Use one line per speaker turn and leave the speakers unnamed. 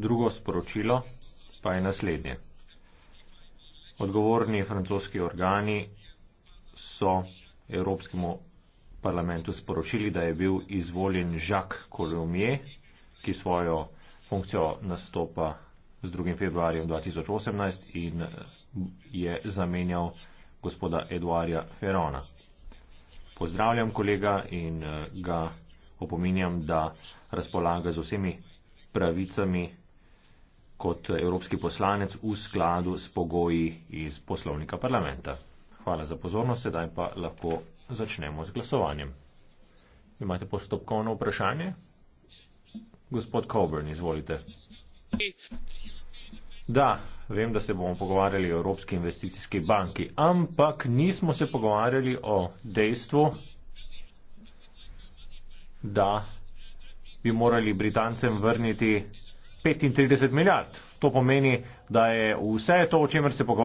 Drugo sporočilo pa je naslednje. Odgovorni francoski organi so Evropskemu parlamentu sporočili, da je bil izvoljen Jacques Colomier, ki svojo funkcijo nastopa z 2. februarjem 2018 in eh, je zamenjal gospoda Eduarja Ferona. Pozdravljam kolega in eh, ga opominjam, da razpolaga z vsemi pravicami, kot evropski poslanec v skladu s pogoji iz poslovnika parlamenta. Hvala za pozornost, sedaj pa lahko začnemo z glasovanjem. Imate postopkovno vprašanje? Gospod Coburn, izvolite. Da, vem, da se bomo pogovarjali o Evropski investicijski banki, ampak nismo se pogovarjali o dejstvu, da bi morali Britancem vrniti 35 milijard. To pomeni, da je vse to, o čemer se pogovarjamo,